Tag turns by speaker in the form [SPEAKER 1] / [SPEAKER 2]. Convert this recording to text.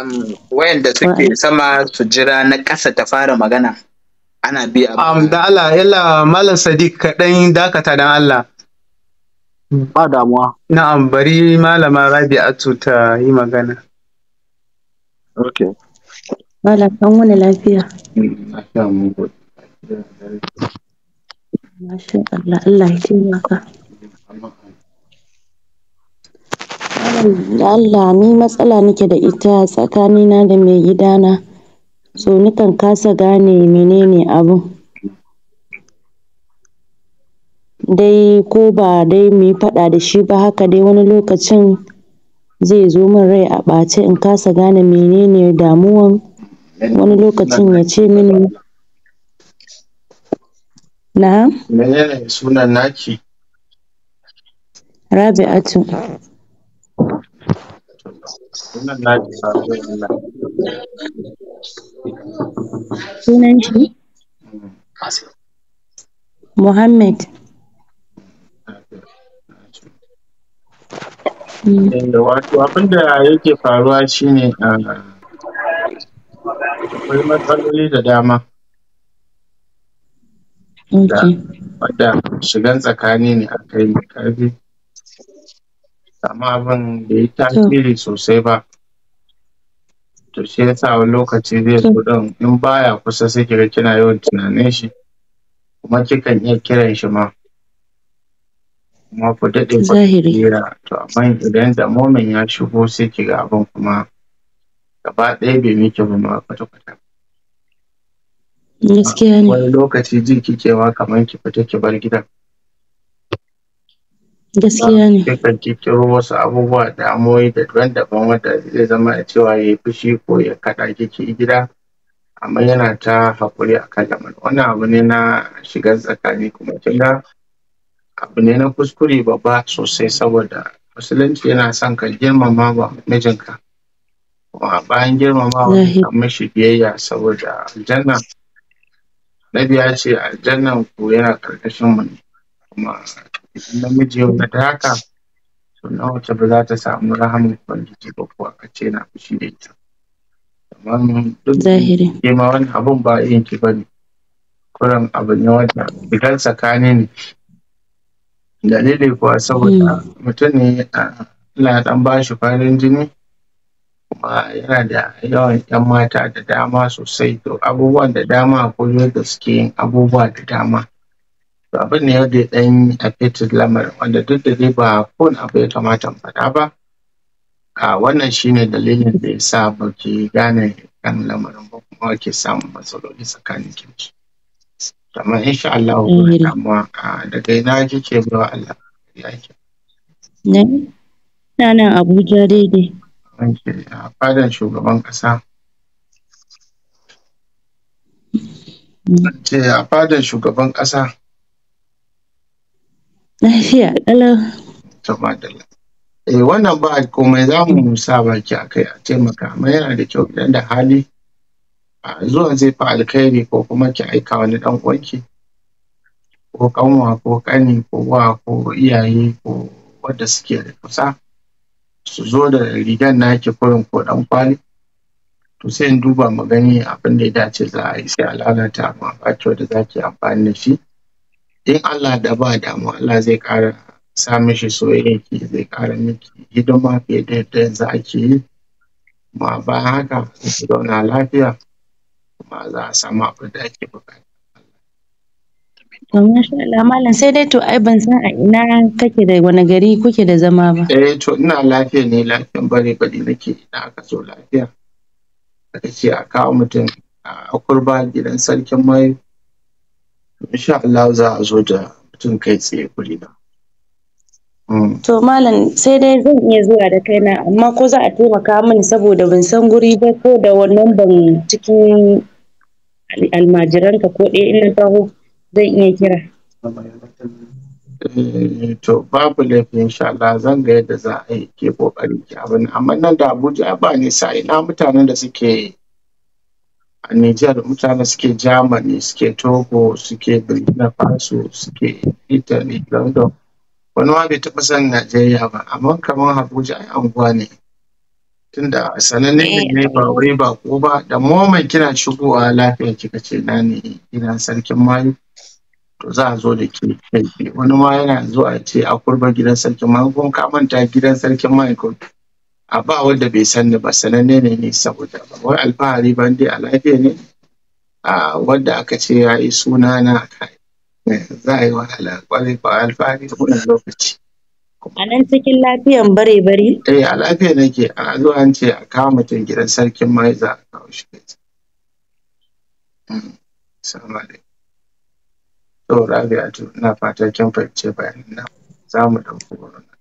[SPEAKER 1] um, wayanda suke sama su jira na ƙasa ta fara magana ana biya ba. um, da Allah yalla malam sadiq kaɗan dakata dan Allah ba damuwa na'am bari malama rabi'atu ta yi magana Ok. malam kan wani lafiya Masha Allah Allah ya maka. Allah ni matsala nake da ita tsakanina da mai gida so nakan kasa gane menene abun dai ko ba dai muyi faɗa da shi ba haka dai wani lokacin zai zo min rai a ɓace in kasa gane menene damuwan wani lokacin ya ce mini na'am menene sunan naki Rabi'atu Sunan Muhammad. Wato abin yake faruwa shine ah, akwai matsaloli da dama. Wadda shigan tsakani ne a kai mai ƙarfi. amma abin da ya tasiri sosai ba to shi sa wani lokaci zai zo din in baya kusa sai kira kina yawan tunanin shi kuma kikan iya kiran shi ma kuma ku daɗe ku kira to amma idan da momin ya shigo sai kiga abin kuma gaba ɗaya bai miki ba ma kwata kwata wani lokaci jin kikewa kamar ki fita ki bar gidan gaskiya ne yakan wasu abubuwa damuwoyi da daban-daban wanda zai zama a cewa ya yi fushi ko ya kaɗa kiki gida amma yana ta haƙuri a kan lamarin wannan abu ne na shigar tsakani kuma kin ga abu ne na kuskure babba sosai saboda musulunci yana son ka girmama wa mijinka kuma bayan girmamawa ka mishi biyayya saboda aljanna na biya ce aljannan ku yana ƙarƙashin mu kuma namiji yau na daka to na wace ba za ta samu rahamin ubangiji ba ko aka ce na fushi da ita kamar duk ke ma wani abun ba yin ki ba ne kuran abu ne wanda idan tsakani ne dalili kuwa saboda hmm. mutum ne ina dan ba shi farin jini kuma yana da yawan yan mata da dama sosai to abubuwan da dama akwai yadda suke yin abubuwa da dama to abin ne wanda ya ɗan fetur lamarin wanda duk da dai ba kowane abu ya kamata mu faɗa ba a wannan shine dalilin da ya sa ba ke gane kan lamarin ba kuma ke samun matsaloli tsakanin kimci amma insha Allah ku damuwa daga ina kike bawa Allah ya ke na nan Abuja daidai a fadan shugaban kasa mm. ce a fadan shugaban kasa Lafiya Eh wannan ba komai za mu sa baki a kai a taimaka amma yana da kyau idan da hali a zuwa zai fi alkhairi ko kuma ki aika wani ɗan uwanki ko kanwa ko kani ko wa ko iyaye ko wadda suke da kusa su zo da rigan naki kurin ko dan kwali to sai in duba mu gani abin da ya dace za a yi sai a lalata ma a kyau da za ki amfani da shi in Allah da ba damu Allah zai ƙara sami shi soyayya ki zai ƙara miki hidima fiye da yadda yanzu ake yi ma bayan haka ku zauna lafiya kuma za a samu abin da ake bukata. To masha Allah sai dai to ai ban san a ina kake da wani gari kuke da zama ba. Eh to ina lafiya ne lafiyan bare bari nake ina aka so lafiya. Aka ce a kawo mutum a kurba gidan sarkin mai insha Allah za a zo da mutum kai tsaye na. Mm. to malam sai dai zan iya zuwa da kaina amma ko za a taimaka mini saboda ban san guri ba ko da wannan ban cikin almajiranka ko ɗaya ina taho zan iya kira eh, to babu laifin insha Allah zan ga yadda za a yi ke kokari ke abin amma nan da Abuja ba nisa ina mutanen da suke a Nijar mutane suke Germany suke Togo suke Burkina Faso suke Italy London wani ma bai taɓa san Najeriya ba amma kamar Abuja ai anguwa ne tunda sananne eh, ne ba wai ba ko ba da moment kina shigowa lafiya kika ce na ne ina sarkin mayu to za a zo da ke kai wani ma yana zuwa ce a kurba gidan sarkin mayu kun ka manta gidan sarkin mayu a ba wanda bai san ni ba sananne ne ne saboda ba wai alfahari ba dai a lafiya ne a wanda aka ce ya yi suna na za a yi wahala kwarai ba alfahari ko kudin lokaci a nan cikin lafiyan bare bare eh a lafiya nake a zuwa an ce a kawo mutum gidan sarkin mai za a kawo shi mm, salamu alaikum to rabi'atu na fatan kin fahimce bayanin nan za mu dauki wurin